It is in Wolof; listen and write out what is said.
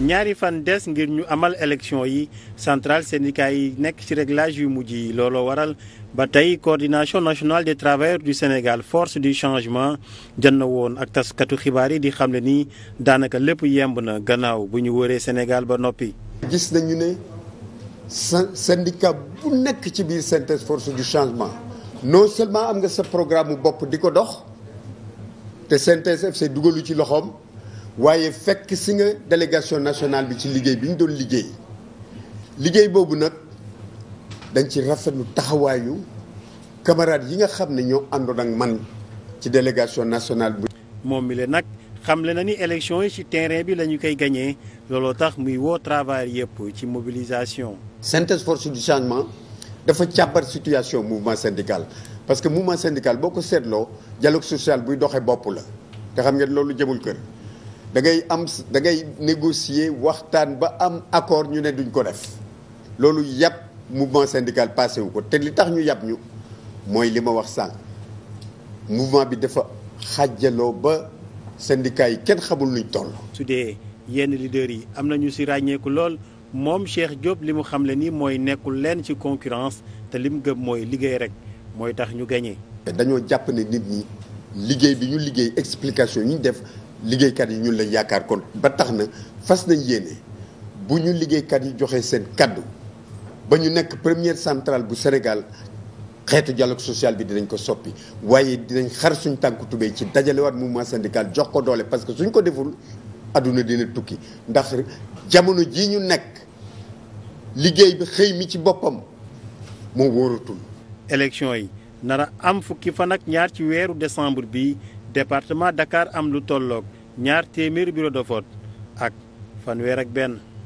ñaari fan des ngir ñu amal élection yi central syndicat yi nekk ci réglage yu mujj yi looloo waral ba tey coordination nationale des travailleurs du Sénégal force du changement jën na woon ak taskatu xibaar yi di xam ne nii daanaka lépp yemb na gannaaw bu ñu wëree Sénégal ba noppi. gis nañu ne syndicat bu nekk ci biir synthèse force du changement non seulement am nga sa programme bokk di ko dox te synthèse FC dugalu ci loxoom. waaye fekk si nga délégation nationale bi ci liggéey bi ñu doon liggéey liggéey boobu nag dañ ci rafetlu taxawaayu camarades yi nga xam ne ñoo àndoon ak man ci délégation nationale bu moom mi la nag xamle na ni élection yi ci terrain bi la ñu koy gañee looloo tax muy woo travail yëpp ci mobilisation synthèse force dafa càmbar situation mouvement syndical parce que mouvement syndical boo ko seetloo dialogue social buy doxee bopp la te xam ngeen loolu jëmul kër da ngay am da ngay négocier waxtaan ba am accord ñu ne duñ ko def loolu yàpp mouvement syndical passé wu ko te li tax ñu yàpp ñu mooy li ma wax sànq mouvement bi dafa xàjjaloo ba syndicat yi kenn xamul nuñ toll. su dee yenn leaders yi am nañu si ràññeeku lool moom Cheikh Diop li mu xamle nii mooy nekkul leen ci concurrence te li mu gëm mooy liggéey rek mooy tax ñu gagné. dañoo jàpp ne nit ñi liggéey bi ñu liggéey explication ñu def. liggéeykat yi ñun lañ yaakaar kon ba tax na fas nañ yéene bu ñu liggéeykat yi joxee seen kàddu ba ñu nekk première centrale bu Sénégal xeetu dialogue social bi dinañ ko soppi waaye dinañ xar suñ tànk tubéy ci dajalewaat mouvement syndical jox ko doole parce que suñ ko deful adduna dina tukki ndax jamono jii ñu nekk liggéey bi xëy mi ci boppam moo wóoratul élection yi nara am fukki fan ak ñaar ci weeru décembre bi département dakaar am lu tolloog ñaar téeméeri bureau de vote ak fanweer ak benn